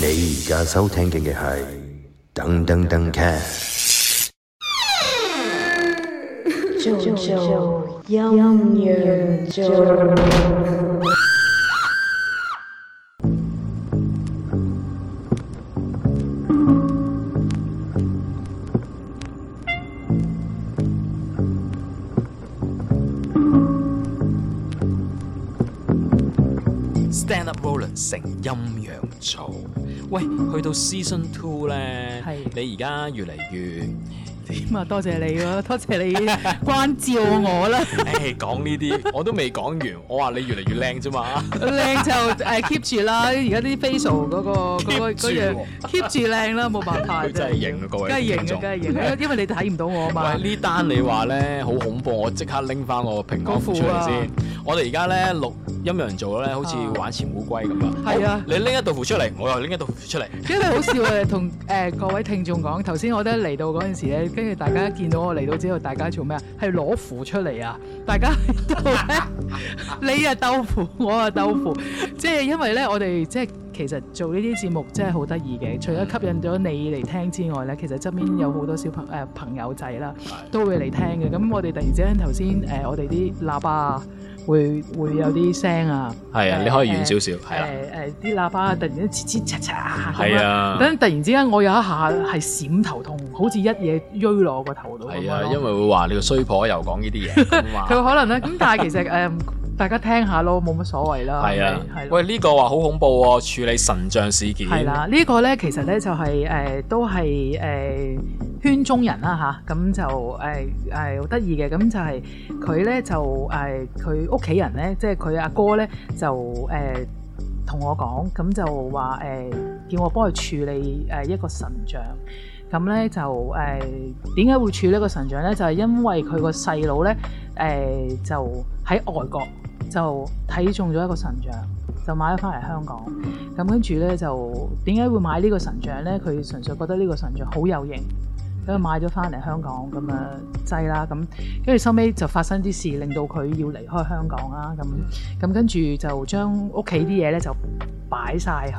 你而家收聽嘅係《燈登登 Cast》。做做音源做。n o l e o n 成陰陽草，喂，去到 Season Two 咧，你而家越嚟越點啊？多謝你啊，多謝你關照我啦。誒、 欸，講呢啲我都未講完，我話你越嚟越靚啫嘛。靚就誒、uh, keep 住啦，而家啲 facial 嗰、嗰個嗰樣、嗯嗰個嗰個、keep 住靚啦，冇辦法啫。真係型啊，各位，梗係型啊，梗係型啊，因為你睇唔到我嘛。呢單你話咧、嗯、好恐怖，我即刻拎翻我平安符出嚟先。我哋而家咧，錄陰陽組咧，好似玩潛烏龜咁樣。係啊，哦、啊！你拎一道符出嚟，我又拎一道符出嚟。因為好笑啊！同 誒、呃、各位聽眾講，頭先我哋嚟到嗰陣時咧，跟住大家見到我嚟到之後，大家做咩啊？係攞符出嚟啊！大家喺度咧， 你啊鬥符，我啊鬥符。即 係因為咧，我哋即係其實做呢啲節目真係好得意嘅。除咗吸引咗你嚟聽之外咧，其實側邊有好多小朋誒、呃、朋友仔啦，都會嚟聽嘅。咁我哋突然之間頭先誒，我哋啲喇叭。會會有啲聲啊，係、嗯、啊，你可以遠少少，係、呃、啦，誒誒啲喇叭突然間切切嚓嚓，係啊，咁突然之間我有一下係閃頭痛，好似一嘢鋥落我個頭度，係啊，因為會話你個衰婆又講呢啲嘢，佢 可能咧，咁 但係其實誒、呃、大家聽下咯，冇乜所謂啦，係啊、okay，啊，喂呢、這個話好恐怖喎、哦，處理神像事件，係啦、啊，這個、呢個咧其實咧就係、是、誒、呃、都係誒。呃圈中人啦，吓，咁就誒誒好得意嘅。咁、哎哎、就係佢呢，就誒佢屋企人呢，即係佢阿哥呢，就誒同、哎、我講，咁就話誒、哎、叫我幫佢處理誒一個神像。咁呢，就誒點解會處理一個神像呢？就係、是、因為佢個細佬呢，誒、哎、就喺外國就睇中咗一個神像，就買咗返嚟香港。咁跟住呢，就點解會買呢個神像呢？佢純粹覺得呢個神像好有型。佢買咗翻嚟香港咁啊，擠啦咁，跟住收尾就發生啲事，令到佢要離開香港啦。咁咁跟住就將屋企啲嘢咧就擺晒去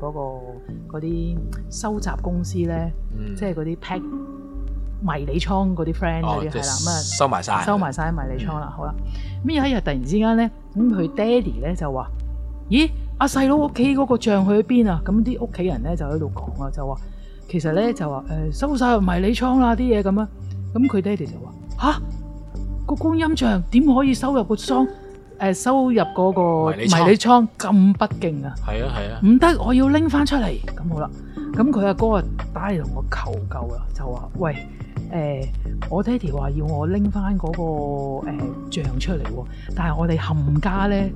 嗰個嗰啲收集公司咧、嗯，即係嗰啲 pack 迷你倉嗰啲 friend 嗰啲係啦，咁、哦、啊、就是、收埋晒，收埋晒迷你倉啦、嗯。好啦，咁有一日突然之間咧，咁佢爹哋咧就話：咦，阿細佬屋企嗰個像去咗邊啊？咁啲屋企人咧就喺度講啊，就話。其實咧就話誒收晒入迷你倉啦啲嘢咁啊，咁佢爹哋就話吓？個觀音像點可以收入個倉誒、呃？收入嗰個迷你倉咁不敬啊！係啊係啊，唔得！我要拎翻出嚟咁好啦。咁佢阿哥啊打嚟同我求救啊，就話喂誒、呃，我爹哋話要我拎翻嗰個、呃、像出嚟，但係我哋冚家咧。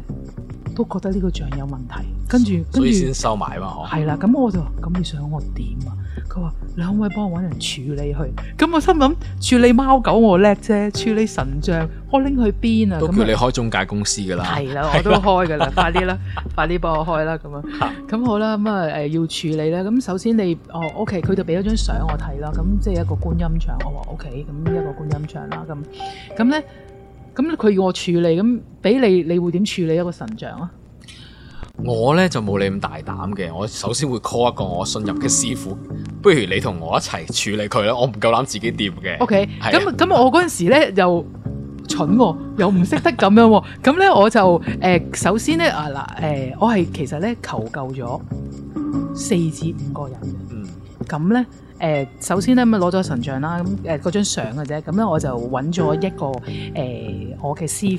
都覺得呢個像有問題，跟住跟住，所以先收埋嘛，嗬？係、嗯、啦，咁我就話咁你想我點啊？佢話你可唔可以幫我搵人處理佢？咁我心諗，處理貓狗我叻啫，處理神像我拎去邊啊？都叫你開中介公司噶啦，係啦，我都開噶啦， 快啲啦，快啲幫我開啦，咁樣。咁 好啦，咁啊誒要處理咧，咁首先你哦，OK，佢就俾咗張相我睇啦，咁即係一個觀音像，我話 OK，咁一個觀音像啦，咁咁咧。咁佢要我處理，咁俾你你會點處理一個神像啊？我咧就冇你咁大膽嘅，我首先會 call 一個我信任嘅師傅，不如你同我一齊處理佢啦，我唔夠膽自己掂嘅。OK，咁咁我嗰陣時咧 又蠢，啊，又唔識得咁樣，啊，咁 咧我就誒、呃，首先咧啊嗱，誒、呃呃，我係其實咧求救咗四至五個人，嗯。咁咧，誒，首先咧咪攞咗神像啦，咁誒嗰張相嘅啫，咁咧我就揾咗一個誒、呃、我嘅師誒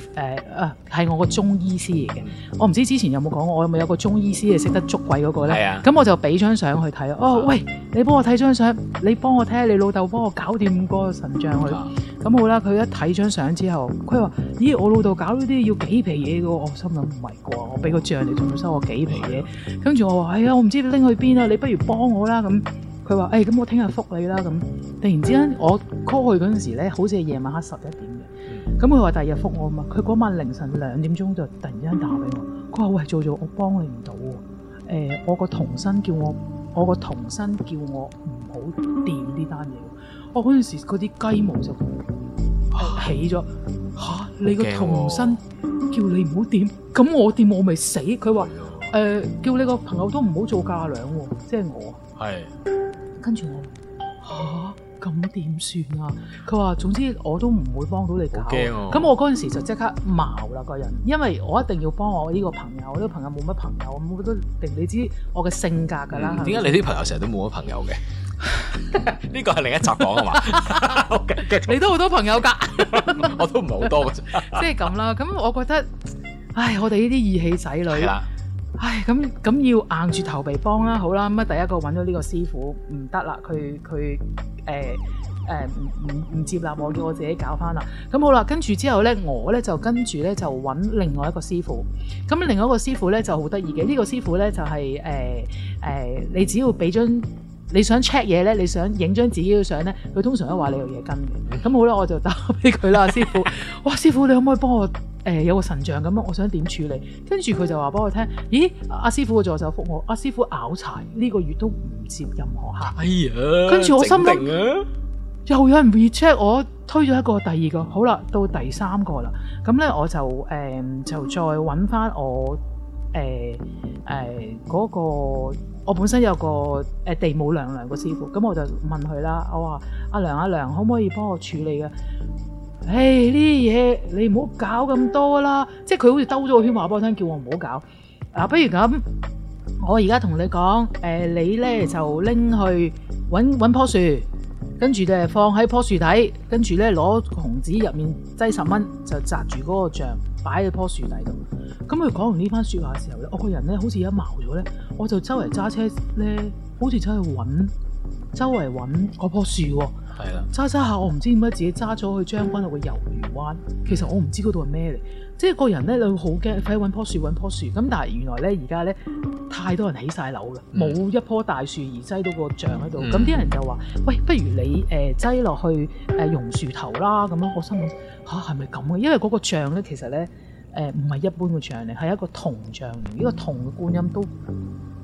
啊，係、呃、我，我有沒有有一個中醫師嚟嘅，我唔知之前有冇講過，我有冇有個中醫師係識得捉鬼嗰個咧，咁、啊、我就俾張相去睇，哦，喂，你幫我睇張相，你幫我睇下你老豆幫我搞掂嗰個神像去，咁好啦，佢一睇張相之後，佢話：咦，我老豆搞呢啲要幾皮嘢嘅，我心諗唔係啩，我俾個像你仲要收我幾皮嘢，跟住我話：係啊，我唔、哎、知你拎去邊啊，你不如幫我啦咁。佢話：誒、欸，咁我聽日覆你啦。咁，突然之間，我 call 佢嗰陣時咧，好似係夜晚黑十一點嘅。咁佢話：第二日覆我啊嘛。佢嗰晚凌晨兩點鐘就突然之間打俾我。佢話：喂，做做，我幫你唔到喎。誒，我個童生叫我，我個童生叫我唔好掂呢單嘢。我嗰陣時嗰啲雞毛就起咗。嚇、啊啊！你個童生叫你唔好掂，咁、啊、我掂我咪死。佢話：誒、呃，叫你個朋友都唔好做架樑喎，即係我。係。跟住我，吓，咁點算啊？佢話，總之我都唔會幫到你搞，咁、啊、我嗰陣時就即刻矛啦個人，因為我一定要幫我呢個朋友，我、這、呢個朋友冇乜朋友，我都定你知我嘅性格噶啦。點、嗯、解你啲朋友成日都冇乜朋友嘅？呢 個係另一集講啊嘛。你都好多朋友噶， 我都唔係好多，即係咁啦，咁 我覺得，唉，我哋呢啲義氣仔女。唉，咁咁要硬住頭皮幫啦，好啦，咁啊第一個揾咗呢個師傅唔得啦，佢佢誒唔唔唔接納我，叫我自己搞翻啦。咁好啦，跟住之後咧，我咧就跟住咧就揾另外一個師傅。咁另外一個師傅咧就好得意嘅，呢個師傅咧就係誒誒你只要俾張你想 check 嘢咧，你想影張自己嘅相咧，佢通常都話你有嘢跟嘅。咁好啦，我就打俾佢啦， 師傅。哇，師傅你可唔可以幫我？誒、呃、有個神像咁啊，我想點處理？跟住佢就話幫我聽。咦，阿、啊、師傅個助手覆我，阿、啊、師傅拗柴，呢、這個月都唔接任何客。係、哎、啊，跟住我心諗又有人 reject 我，推咗一個第二個，好啦，到第三個啦。咁呢，我就誒、呃、就再揾翻我誒誒嗰個我本身有個誒、呃、地母娘娘個師傅，咁我就問佢啦。我話阿娘阿娘，可唔可以幫我處理嘅？唉，呢啲嘢你唔好搞咁多啦，即係佢好似兜咗個圈話俾我聽，叫我唔好搞。嗱、啊，不如咁，我而家同你講，誒、呃，你咧就拎去搵搵棵樹，跟住就咧放喺棵樹底，跟住咧攞紅紙入面擠十蚊，就紮住嗰個像，擺喺棵樹底度。咁佢講完呢番說話嘅時候咧，我個人咧好似一矛咗咧，我就周圍揸車咧，好似走去搵周圍搵嗰棵樹。係啦，揸揸下我唔知點解自己揸咗去將軍澳嘅魷魚灣，其實我唔知嗰度係咩嚟，即係個人咧你會好驚，可以搵樖樹搵樖樹。咁但係原來咧而家咧太多人起晒樓啦，冇、嗯、一棵大樹而擠到個像喺度。咁、嗯、啲人就話：，喂，不如你誒擠落去誒榕樹頭啦。咁樣我心諗吓係咪咁嘅？因為嗰個像咧其實咧誒唔係一般嘅像嚟，係一個銅像，嚟、嗯。呢個銅嘅觀音都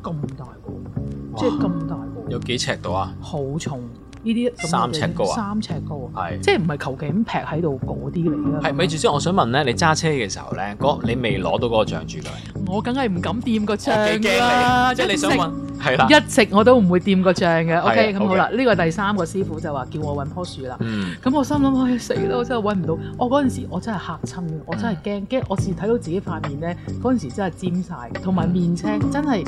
咁大個、啊，即係咁大個。有幾尺度啊？好重。呢啲三尺高啊！三尺高，係即係唔係求其咁劈喺度嗰啲嚟嘅。係咪？住先，我想問咧，你揸車嘅時候咧，你未攞到嗰個像住嚟？我梗係唔敢掂個像啦！即、okay, 係、okay, okay, okay, 就是，你想問，係啦，一直我都唔會掂個像嘅。OK，咁、okay、好啦，呢、呢個第三個師傅就話叫我揾棵樹啦。咁、嗯、我心諗，哎死啦！我真係揾唔到。我嗰陣時我，我真係嚇親，我真係驚驚。我甚至睇到自己塊面咧，嗰陣時真係尖晒，同埋面青，嗯、真係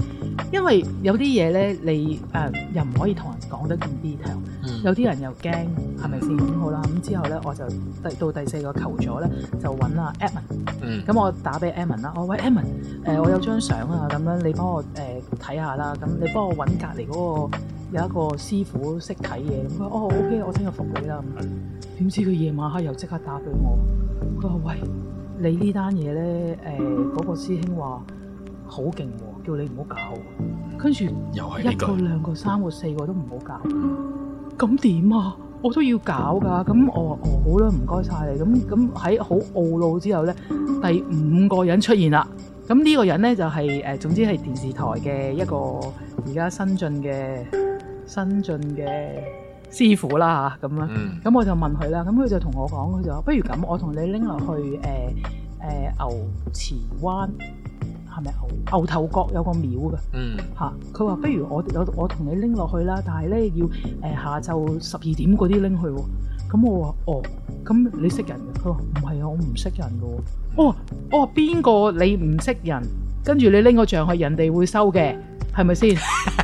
因為有啲嘢咧，你誒、呃、又唔可以同人講得咁 detail。有啲人又驚，係咪先？ 好啦，咁之後咧，我就第到第四個求助咧，就揾阿 Edmond。咁我打俾 Edmond 啦，我喂 Edmond，誒我有張相啊，咁、嗯嗯嗯、樣你幫我誒睇、呃、下啦，咁、嗯、你幫我揾隔離嗰個有一個師傅識睇嘢。咁、嗯、佢哦 OK，我聽日覆你啦。點知佢夜晚黑又即刻打俾我，佢話喂你這件事呢單嘢咧，誒、呃、嗰、那個師兄話好勁喎，叫你唔好搞。跟住一個，又一個兩個三個四個都唔好搞。咁點啊？我都要搞噶。咁我話我好啦，唔該曬你。咁咁喺好懊惱之後呢，第五個人出現啦。咁呢個人呢，就係、是、誒、呃，總之係電視台嘅一個而家新進嘅新進嘅師傅啦咁樣，咁、嗯、我就問佢啦。咁佢就同我講，佢就話不如咁，我同你拎落去誒誒、呃呃、牛池灣。牛頭角有個廟嘅，吓、嗯，佢話不如我有我同你拎落去啦，但係咧要誒、呃、下晝十二點嗰啲拎去，咁我話哦，咁、啊哦、你識人？佢話唔係啊，我唔識人噶，哦，我話邊個你唔識人，跟住你拎個像係人哋會收嘅，係咪先？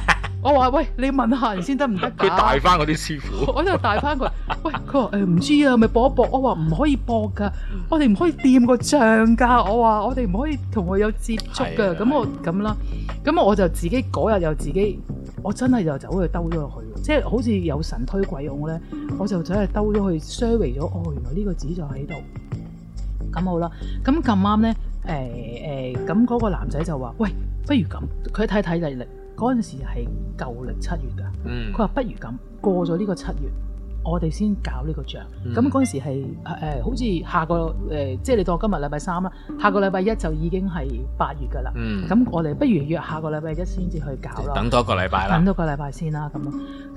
我話喂，你問下人先得唔得？佢帶翻嗰啲師傅，我就帶翻佢。 喂，佢話誒唔知啊，咪搏一搏。我話唔可以搏噶，我哋唔可以掂個像噶。我話我哋唔可以同佢有接觸噶。咁我咁啦，咁我，我就自己嗰日又自己，我真係又走去兜咗落去。即係好似有神推鬼用咧，我就走係兜咗去 survey 咗。哦，原來呢個紙就喺度。咁好啦，咁咁啱咧，誒誒，咁嗰個男仔就話，喂，不如咁，佢睇睇嚟嚟。嗰陣時係舊曆七月㗎，佢話不如咁過咗呢個七月，嗯、我哋先搞呢個帳。咁嗰陣時係、呃、好似下個、呃、即係你當今日禮拜三啦，下個禮拜一就已經係八月㗎啦。咁、嗯、我哋不如約下個禮拜一先至去搞啦。等多個禮拜啦，等多個禮拜先啦、啊。咁，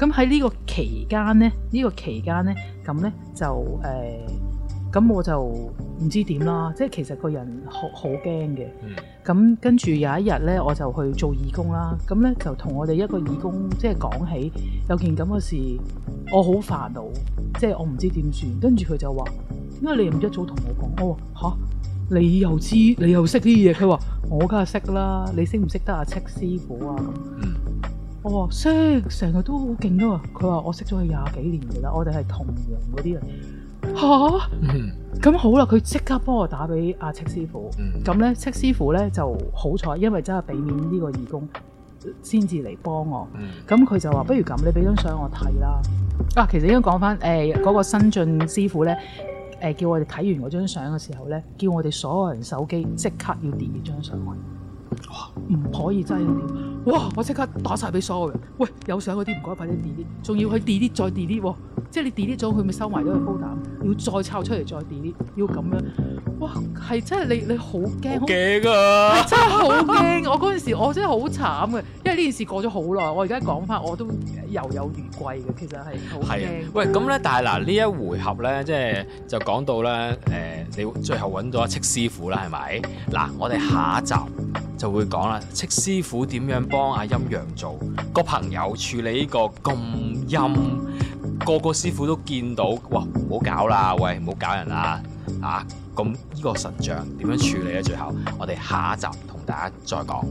咁喺呢個期間咧，呢、這個期間咧，咁咧就誒。呃咁我就唔知點啦，即係其實個人好好驚嘅。咁跟住有一日咧，我就去做義工啦。咁咧就同我哋一個義工即係講起有件咁嘅事，我好煩惱，即係我唔知點算。跟住佢就話：點解你唔一早同我講，我話嚇，你又知你又識啲嘢。佢話：我梗係識啦，你識唔識得阿戚師傅啊？我話識，成日都好勁啊！佢話：我識咗佢廿幾年噶啦，我哋係同樣嗰啲人。」吓，咁、mm-hmm. 好啦，佢即刻幫我打俾阿戚師傅，咁咧戚師傅咧就好彩，因為真係避免呢個義工先至嚟幫我，咁、mm-hmm、佢就話不如咁，你俾張相我睇啦。啊，其實應該講翻，誒、呃、嗰、那個新進師傅咧，誒叫我哋睇完嗰張相嘅時候咧，叫我哋所有人手機即刻要 delete 張相，哇、啊，唔可以真係點？哇！我即刻打晒俾所有人，喂，有相嗰啲唔該快啲 delete，仲要佢 delete 再 delete 喎，即係你 delete 咗佢咪收埋咗個煲膽，要再抽出嚟再 delete，要咁樣，哇！係真係你你好驚，好驚啊，好！真係好驚， 我嗰陣時我真係好慘嘅，因為呢件事過咗好耐，我而家講翻我都猶有餘悸嘅，其實係好驚。喂，咁咧，但係嗱呢一回合咧，即係就講到咧，誒、呃、你最後揾到阿戚師傅啦，係咪？嗱，我哋下一集。就會講啦，戚師傅點樣幫阿陰陽做個朋友處理呢個咁陰，個個師傅都見到，哇，唔好搞啦，喂，唔好搞人啦，啊，咁呢個神像點樣處理咧？最後，我哋下一集同大家再講。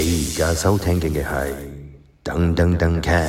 你而家收聽緊嘅係《噔噔噔 cast》。